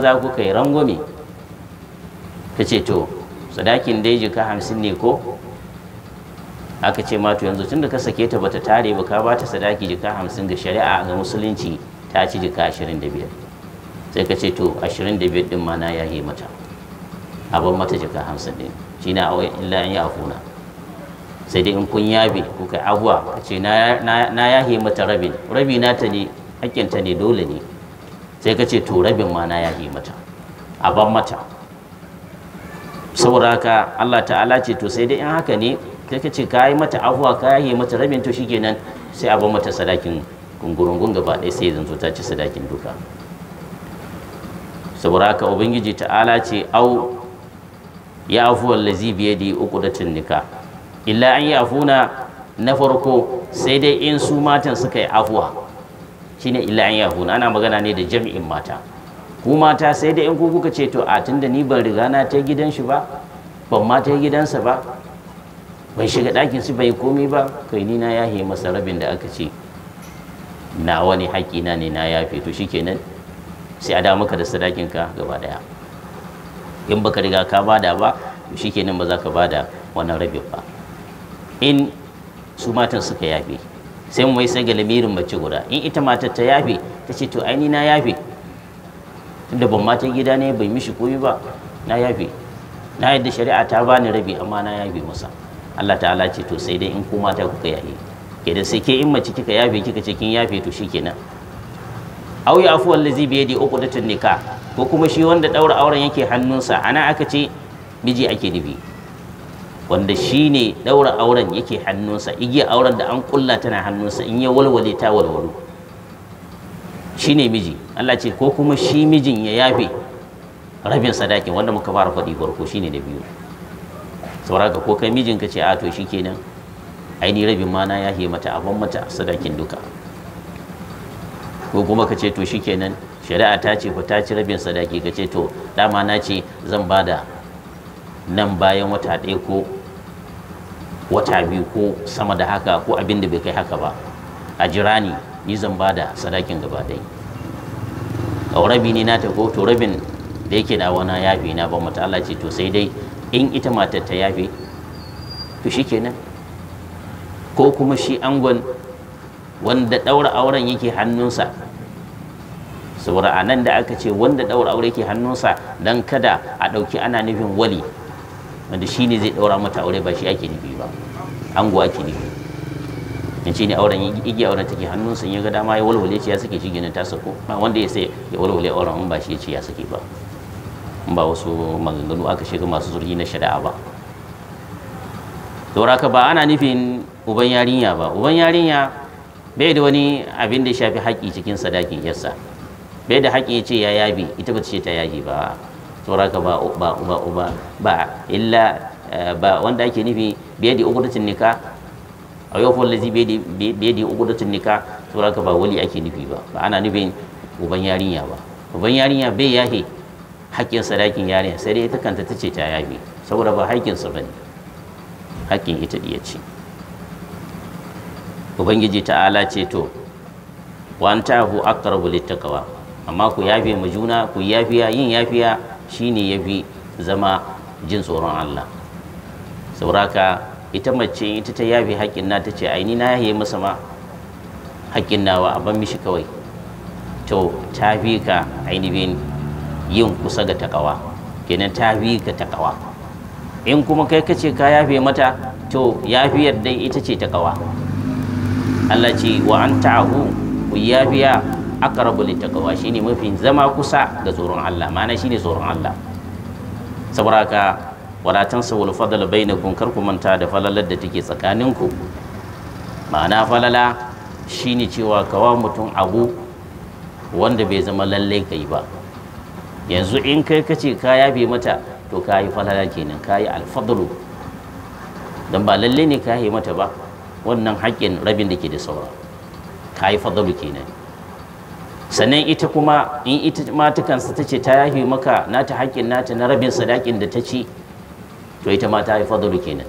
za ku kai rangwame ta ce to sadakin dai jika hamsin ne ko aka ce ma to yanzu tun da ka sake ta bata tare ba ka ba ta sadaki jika hamsin ga shari'a ga musulunci ta ci jika ashirin da biyar sai ka ce to ashirin da biyar din ma na yi mata abin mata jika hamsin din shi na awai illa an yi afuna sai dai in kun yabe kai abuwa ka ce na yi mata rabin rabi na ta ne ta ne dole ne sai ka ce to rabin mata a ban mata saboda haka Allah ta'ala ce to sai dai in haka ne sai ka ce ka yi mata afuwa ka yi mata rabin to shikenan sai a ban mata sadakin gungurungun gaba ɗaya sai zanto ta ci sadakin duka saboda haka ubangiji ta'ala ce au ya afuwar lazi biye da uƙudatun nika illa an yi afuna na farko sai dai in su matan suka yi afuwa shine illa an yahuna ana magana ne da jami'in mata ku mata sai da in ku kuka ce to a tunda ni ban riga na ta gidan shi ba ban ma ta gidansa ba bai shiga ɗakin su bai komai ba kai ni na yahe masa rabin da aka ce na wani haƙi na ne na yafe to shikenan sai a da maka da sadakin ka gaba daya in baka riga ka bada ba shikenan ba za ka bada wannan rabin ba in su matan suka yafe sai mu mai sai ga lamirin mace guda in ita matar ta yafe ta ce to aini na yafe tunda ban matan gida ne bai mishi koyi ba na yafe na yadda shari'a ta bani rabi amma na yafe masa Allah ta'ala ce to sai dai in ku mata kuka yafe ke sai ke in mace kika yafe kika ce kin yafe to shikenan aw ya afu allazi bi yadi uqdatun nikah ko kuma shi wanda daura auren yake hannunsa ana aka ce miji ake nufi wanda shi ne ɗaura auren yake hannunsa igiya auren da an kulla tana hannunsa in ya walwale ta walwalu shi ne miji Allah ce ko kuma shi mijin ya yafe rabin sadakin wanda muka fara faɗi farko shi ne da biyu sauraka ko kai mijinka ce a to shi kenan aini rabin mana ya he mata abin mata sadakin duka ko kuma ka ce to shi kenan shari'a ta ce fa ta ci rabin sadaki ka ce to dama na ce zan bada nan bayan wata ɗaya ko wata biyu ko sama da haka ko abin da bai kai haka ba a jira ni ni zan ba da sadakin gaba ɗaya a rabi ne na ta ko to rabin da yake da wani yafi na ba mata Allah ce to sai dai in ita matar ta yafi to shi kenan ko kuma shi angon wanda ɗaura auren yake hannunsa saboda a da aka ce wanda ɗaura aure yake hannunsa don kada a ɗauki ana nufin wali wanda shi ne zai ɗaura mata aure ba shi ake nufi ba ango ake nufi in ce ne auren igiya auren take sun ya ga dama ya walwale ce ya suke shi ginin ta sako ba wanda ya sai ya walwale auren in ba shi ya ce ya suke ba in ba wasu maganganu aka shiga masu zurgi na shari'a ba sauraka ba ana nufin uban yarinya ba uban yarinya bai da wani abin da ya shafi haƙƙi cikin sadakin yarsa bai da haƙƙi ya ce ya yabi ita ba ta ce ta yaji ba sauraka ba ba ba ba illa eh, ba wanda ake nufi da uqdatun nika a yau fa lazi biye da uqdatun nika sauraka ba wali ake nufi ba ba ana nufin uban yarinya ba uban yarinya bai yahe hakkin sadakin yarinya sai dai ita kanta tace ta yafe saboda ba hakkin sa bane hakkin ita diya ce ubangiji ta'ala ce to wa antahu aqrabu littaqwa amma ku yafe mu juna ku yafiya yin yafiya shine fi zama jin tsoron Allah sauraka ita mace ita ta yafi haƙƙin na ta ce aini na yaye masa ma haƙƙin nawa a ban mishi kawai to ta fi ka ainihin yin kusa ga takawa kenan ta fi ka takawa in kuma kai ka ce ka yafe mata to yafiyar yarda ita ce takawa Allah ce wa an ta'ahu ku yafiya aqrabu shi shine mafi zama kusa da tsoron Allah ma'ana shine tsoron Allah saboda ka wala tansawu al-fadl bainakum kar ku manta da falalar da take tsakaninku ma'ana falala shine cewa kawa mutum abu wanda bai zama lallai kai ba yanzu in kai kace ka yabe mata to ka yi falala kenan ka yi alfadlu don ba lallai ne ka yi mata ba wannan haƙƙin rabin da ke da saura ka yi fadlu kenan sannan ita kuma in ita matakansa ta ta ce ta yafi maka nata haƙƙin nata na rabin sadakin da ta ci to ita ma ta yi fadalu kenan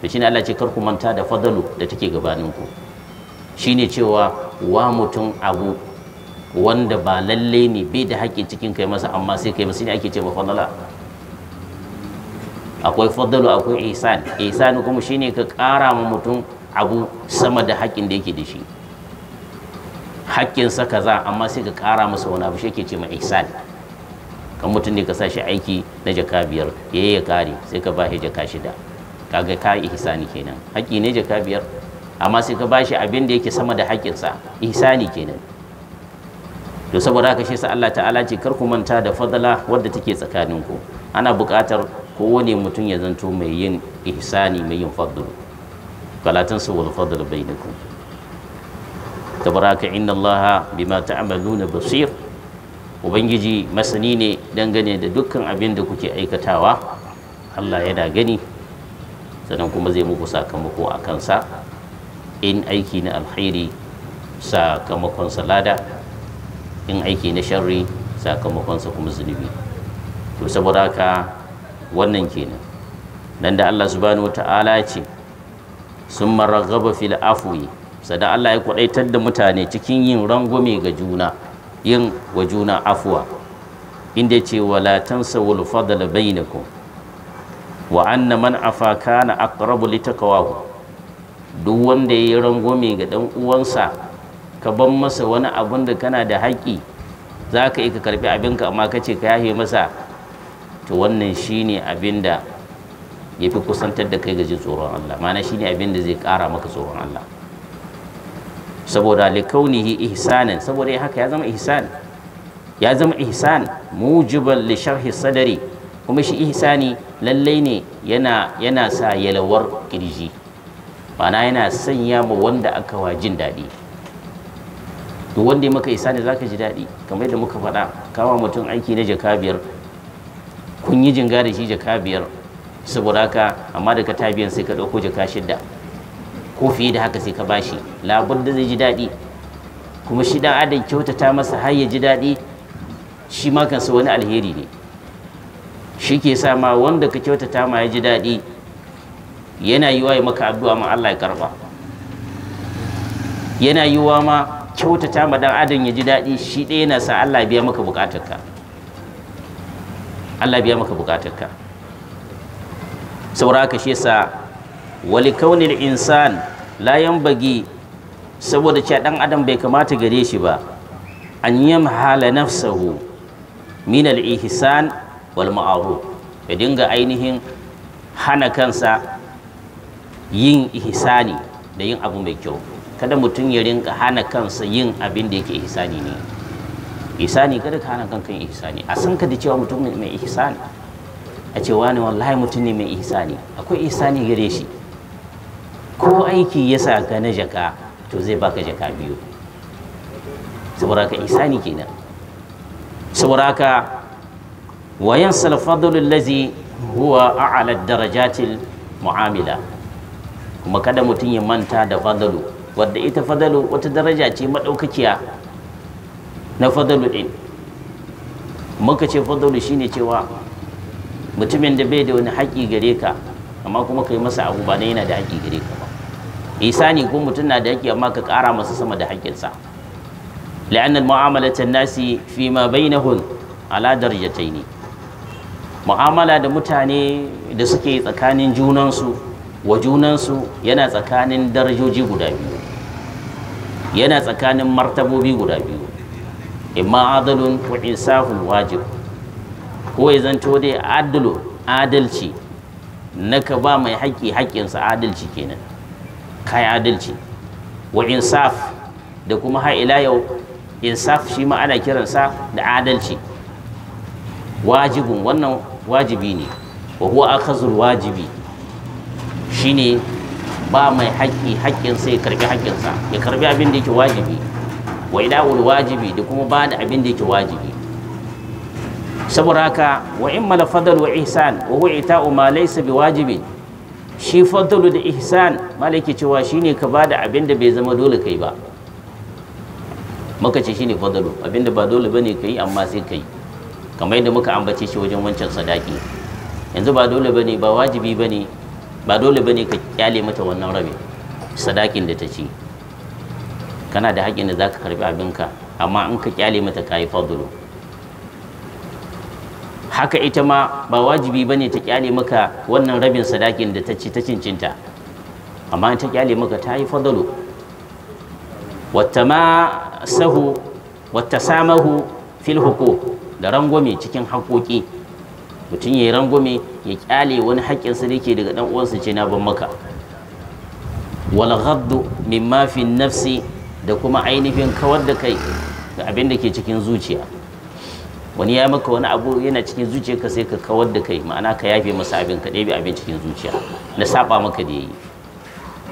to shine Allah ce kar ku manta da fadalu da take gabanin ku shine cewa wa mutum abu wanda ba lalle ne bai da haƙƙi cikin kai masa amma sai kai masa ne ake ce fadala akwai fadalu akwai ihsan ihsan kuma shine ka ƙara ma mutum abu sama da haƙƙin da yake da shi haƙƙinsa kaza amma sai ka ƙara masa wani abu shi ke ce ma ihsan kan mutum ne ka sa shi aiki na jaka biyar ya yi ya kare sai ka ba shi jaka shida kaga ka ihsani kenan haƙƙi ne jaka biyar amma sai ka ba shi abin da yake sama da haƙƙinsa ihsani kenan to saboda haka shi sa Allah ta'ala ce kar ku manta da fadala wadda take tsakanin ku ana buƙatar kowane mutum ya zanto mai yin ihsani mai yin fadlu su wal fadlu bainakum tabaraka inna allaha bima ta'maluna basir ubangiji masani ne dangane da dukkan abin da kuke aikatawa allah yana gani sannan kuma zai muku sakamako a kansa in aiki na alkhairi sakamakon salada in aiki na sharri sakamakonsa kuma zunubi to saboda haka wannan kenan nan da allah subhanahu wa ta'ala ce sun gaba fil afwi sada Allah ya kwaɗaitar da mutane cikin yin rangwame ga juna yin wa juna afuwa inda ce wala tansawul fadl bainakum wa anna man afa kana aqrabu litaqwahu duk wanda yayi rangwame ga dan uwansa ka ban masa wani abun da kana da haƙi za ka yi ka karbi abinka amma ka ce ka yahe masa to wannan shine abin da ya fi kusantar da kai ga jin tsoron Allah ma'ana shine abin da zai ƙara maka tsoron Allah saboda likaunihi ihsanan saboda haka ya zama ihsan ya zama ihsan mujiban li sadari kuma shi ihsani lallai ne yana yana sa yalawar kirji ma'ana yana sanya ma wanda aka wa jin daɗi to wanda ya maka ihsani zaka ji daɗi kamar yadda muka faɗa kawo mutum aiki na jaka biyar kun yi jinga da shi jaka biyar saboda haka amma daga tabiyan sai ka ɗauko jaka shidda ko fiye da haka sai ka shi. labun da zai ji daɗi kuma shi dan adam kyautata masa har ya ji daɗi shi ma kansa wani alheri ne shi ke sa ma wanda ka kyautata ma ya ji daɗi yana yiwa ya maka addu'a ma Allah ya karba yana yiwa ma kyautata ma dan adam ya ji daɗi shi ɗaya yana sa Allah ya biya maka bukatarka Allah ya biya maka bukatarka saboda haka shi yasa wali kaunil insan layan bagi saboda cewa dan adam bai kamata gare shi ba an yamhala nafsahu min al ihsan wal ma'ruf ya dinga ainihin hana kansa yin ihsani da yin abu mai kyau kada mutum ya rinka hana kansa yin abin da yake ihsani ne ihsani kada ka hana kanka yin ihsani a san ka da cewa mutum mai ihsani a ce wani wallahi mutum ne mai ihsani akwai ihsani gare shi ko aiki ya saka ka na jaka to zai baka jaka biyu saboda ka isani kenan saboda ka wayan salfadul lazi huwa a'ala darajatil mu'amila kuma kada mutum ya manta da fadalu wadda ita fadalu wata daraja ce maɗaukakiya na fadalu din muka ce fadalu shine cewa mutumin da bai da wani haƙi gare ka amma kuma kai masa abu ba yana da haƙi gare ka sani ko mutum na da haƙƙi amma ka kara masa sama da haƙƙinsa la'annal mu'amalatan nasi fi ma bainahum ala darajataini mu'amala da mutane da suke tsakanin junansu wa junansu yana tsakanin darajoji guda biyu yana tsakanin martabobi guda biyu imma adalun wa insafun wajib ko ya zanto dai adalu adalci na ba mai haƙƙi haƙƙinsa adalci kenan kai adalci wa insaf da kuma har yau insaf shi ma ana kiransa da adalci wajibin wannan wajibi ne wa huwa akhazul wajibi shine ba mai haƙƙi haƙƙinsa ya karbi haƙƙinsa ya karbi abin da yake wajibi wa ida'ul wajibi da kuma ba da abin da yake wajibi saboda haka wa in mala fadal wa ihsan wa huwa ita'u ma laysa bi shi fadlu da ihsan malaki cewa shine ka bada abin da bai zama dole kai ba muka ce shine fadlu abin da ba dole bane kai amma sai kai kamar yadda muka ambace shi wajen wancan sadaki yanzu ba dole bane ba wajibi bane ba dole bane ka kyale mata wannan rabi sadakin da ta ci kana da haƙƙin da zaka karbi abinka amma in ka kyale mata kai fadlu haka ita ma ba wajibi ba ne ta kyale maka wannan rabin sadakin da ta ci ta cincinta amma ta kyale maka ta yi fadalo wata samahu fil da rangwame cikin haƙoƙi mutum ya yi rangwame ya kyale wani haƙƙinsa da ke daga ɗan uwansa ce na ban maka wal ghaddu mimma nafsi da kuma ainihin kawar da kai da abin da ke cikin zuciya wani ya maka wani abu yana cikin zuciyarka sai ka kawar da kai ma'ana ka yafe masa abin ka ɗebe abin cikin zuciya na saba maka da yayi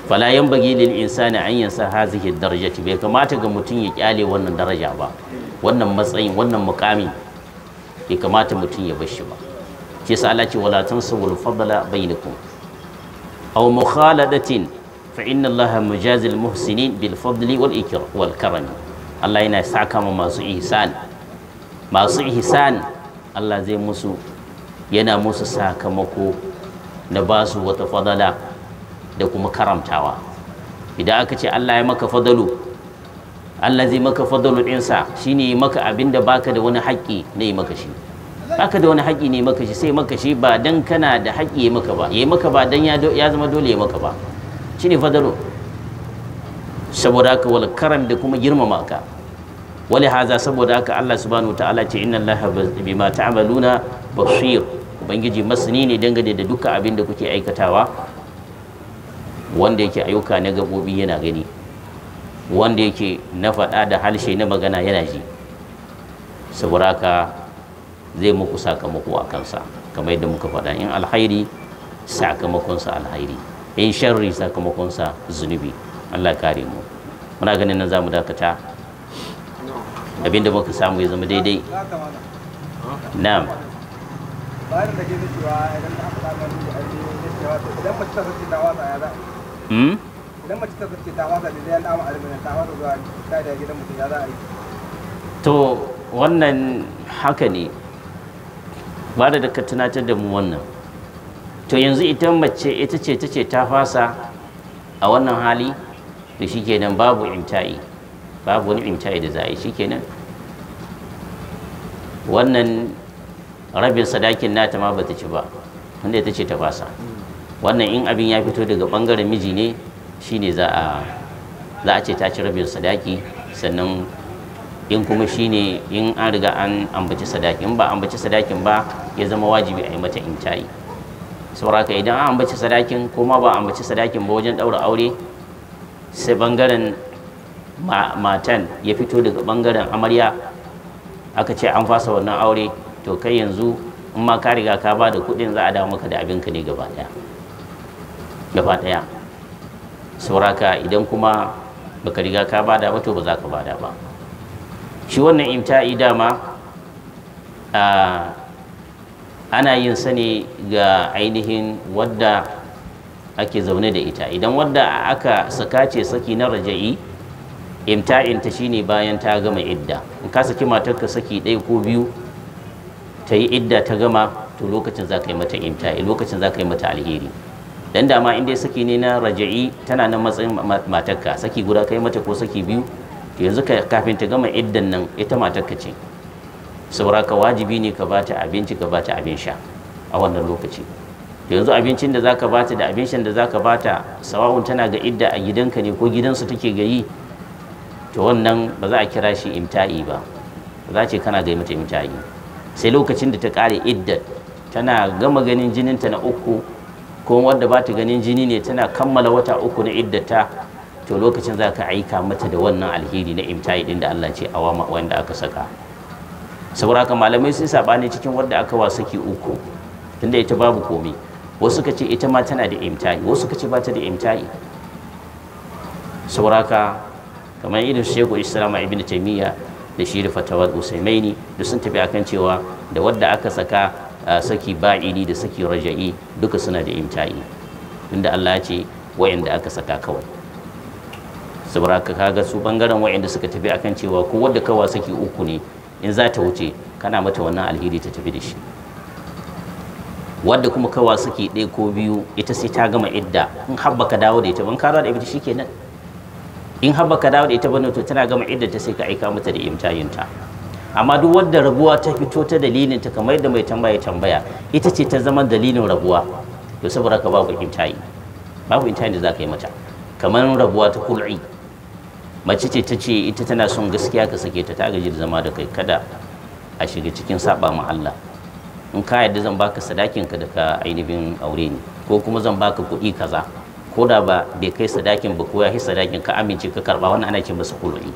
fala yanbaghi lil insani an yansa hazihi darajati bai kamata ga mutum ya kyale wannan daraja ba wannan matsayin wannan mukami bai kamata mutum ya bashi shi ba ke sa Allah ce wala tansawul fadla bainakum aw mukhaladatin fa inna Allah mujazil muhsinin bil fadli wal ikram wal karami Allah yana saka ma masu ihsani masu ihsan Allah zai musu yana musu sakamako na ba su wata fadala da kuma karamtawa idan aka ce Allah ya maka fadalu Allah zai maka fadalu ɗinsa shine yi maka abin da baka da wani haƙƙi na yi maka shi baka da wani haƙƙi ne maka shi sai maka shi ba dan kana da haƙƙi ya maka ba ya maka ba dan ya zama dole ya maka ba shine fadalu saboda haka wal karam da kuma girmama ka wani haza saboda haka Allah subhanahu ta'ala ce inna Allah ma ta'maluna basir ubangiji masani ne dangane da duka abin da kuke aikatawa wanda yake ayyuka na gabobi yana gani wanda yake na faɗa da harshe na magana yana ji saboda haka zai muku sakamako a kansa kamar yadda muka faɗa in alhairi sakamakonsa alhairi in sharri sakamakonsa zunubi Allah kare mu muna ganin nan za mu dakata abinda baka samu ya zama daidai na'am da ke da cewa idan da aka samu da cewa idan mace ta ta wasa ya za idan mace ta ta wasa da zai ta wasa zuwa ta da gidan ya za a yi to wannan haka ne ba da ka tunatar da mu wannan to yanzu ita mace ita ce ta ce ta fasa a wannan hali da shi kenan babu imta'i babu wani imta'i da za a yi shikenan wannan rabin sadakin nata ma bata ci ba wanda ita ce ta fasa wannan in abin ya fito daga bangaren miji ne shine za a za a ce ta ci rabin sadaki sannan in kuma shine in an riga an ambaci sadakin ba ambaci sadakin ba ya zama wajibi a yi mata intayi sauraka idan an ambaci sadakin ko ma ba ambaci sadakin ba wajen daura aure sai bangaren matan ya fito daga bangaren amarya aka ce an fasa wannan aure to kai yanzu in ma ka riga ka ba da kuɗin za a dawo maka da abinka ne gaba ɗaya gaba ɗaya sauraka idan kuma baka riga ka bada ba to ba za ka bada ba shi wannan imta'i dama ana yin sani ga ainihin wadda ake zaune da ita idan wadda aka sakace saki na raja'i shi shine bayan ta gama idda in ka saki matarka saki ɗaya ko biyu ta yi idda ta gama to lokacin za ka yi mata imta'i lokacin za ka yi mata alheri dan dama in dai saki ne na raja'i tana nan matsayin matarka saki guda kai mata ko saki biyu to yanzu kafin ta gama iddan nan ita matarka ce sauraka wajibi ne ka bata abinci ka bata abin sha a wannan lokaci yanzu abincin da zaka bata da abin shan da zaka bata sawa'un tana ga idda a gidanka ne ko gidansu take ga yi to wannan ba za a kira shi imta'i ba ba za ce kana gai mata imta'i sai lokacin da ta kare iddat tana gama ganin jininta na uku ko wanda ba ta ganin jini ne tana kammala wata uku na iddata to lokacin za ka aika mata da wannan alheri na imta'i din da Allah ce awa wanda aka saka saboda haka malamai sun sabani cikin wanda aka wa saki uku tunda ita babu komai wasu ka ce ita ma tana da imta'i wasu ka ce ba ta da imta'i saboda haka kamar irin shekul islam ibn taimiyya da shi da fatawar usaimaini da sun tafi akan cewa da wadda aka saka saki ba'ini da saki raja'i duka suna da imta'i inda Allah ya ce wa'inda aka saka kawai saboda kaga su bangaren wayanda suka tafi akan cewa ko wadda kawai saki uku ne in za ta wuce kana mata wannan alheri ta tafi da shi wadda kuma kawai saki ɗaya ko biyu ita sai ta gama idda in habba ka dawo da ita ban kara da ita shikenan in har baka dawo da ita bane to tana gama ta sai ka aika mata da imtayinta amma duk wadda rabuwa ta fito ta dalilin ta kamar yadda mai tambaya tambaya ita ce ta zama dalilin rabuwa to saboda ka babu imtayi babu imtayi da za yi mata kamar rabuwa ta kul'i mace ce ta ce ita tana son gaskiya ka sake ta ta gaji da zama da kai kada a shiga cikin saba ma Allah in ka yadda zan baka sadakin ka da ka ainihin aure ne ko kuma zan baka kuɗi kaza ko da ba bai kai sadakin ba ko ya hi sadakin ka amince ka karba wannan ana ce masa kul'i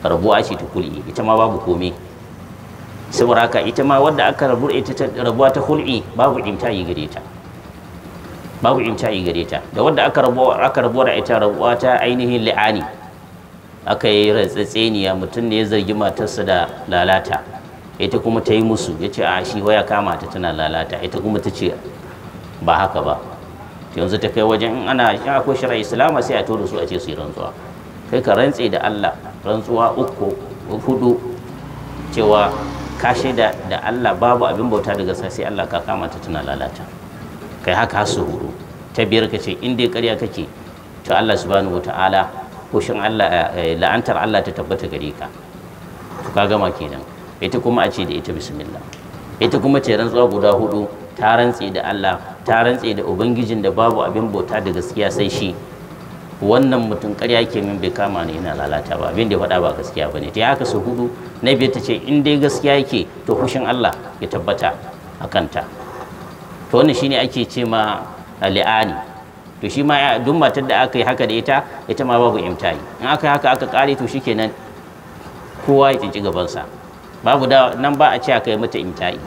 rabuwa ce ta kul'i ita ma babu komai saboda haka ita ma wadda aka rabu ita ta rabuwa ta kul'i babu imtayi gare ta babu imtayi gare ta da wadda aka rabu aka rabu da ita rabuwa ta ainihin li'ani aka yi ratsatseniya mutum ne ya zargi matarsa da lalata ita kuma ta yi musu ya ce a shi waya kama ta tana lalata ita kuma ta ce ba haka ba yanzu ta kai wajen in ana akwai shari'a islama sai a to su a ce su yi rantsuwa kai ka rantse da Allah rantsuwa uku hudu cewa ka shaida da Allah babu abin bauta daga sai sai Allah ka kama ta tana lalata kai haka su hudu ta biyar ka ce in dai ƙarya kake to Allah subhanahu wataala kushin Allah eh, eh, la'antar Allah ta tabbata gare ka to ka gama kenan ita kuma a ce da ita bismillah ita kuma ce rantsuwa guda hudu ta rantse da Allah ta rantse da ubangijin da babu abin bauta da gaskiya sai shi wannan mutum karya ke min bai kama ni yana lalata ba abin da faɗa ba gaskiya bane ta haka su hudu na biyar ta ce in dai gaskiya yake to fushin Allah ya tabbata a kanta to wannan shine ake ce ma li'ani to shi ma duk matar da aka yi haka da ita ita ma babu imtahi in aka yi haka aka kare to shikenan kowa ya tsinci gabansa babu da nan ba a ce aka yi mata imtahi.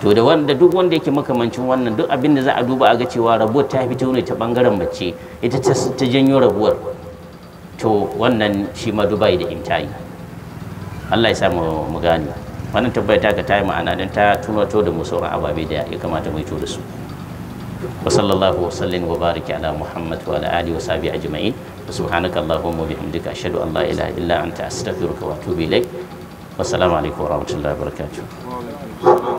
to da wanda duk wanda yake makamancin wannan duk abin da za a duba a ga cewa rabuwar ta fito ne ta bangaren mace ita ta ta janyo rabuwar to wannan shi ma dubai da imtai Allah ya sa mu gane wannan tabbai ta ka ta yi ma'ana dan ta tunato da mu sauran ababe da ya kamata mu yi da su wa sallallahu wa sallim wa baraka ala muhammad wa ala alihi wa sahbihi ajma'in subhanaka allahumma wa bihamdika ashhadu an la ilaha illa anta astaghfiruka wa atubu ilaik wa assalamu alaikum wa rahmatullahi wa barakatuh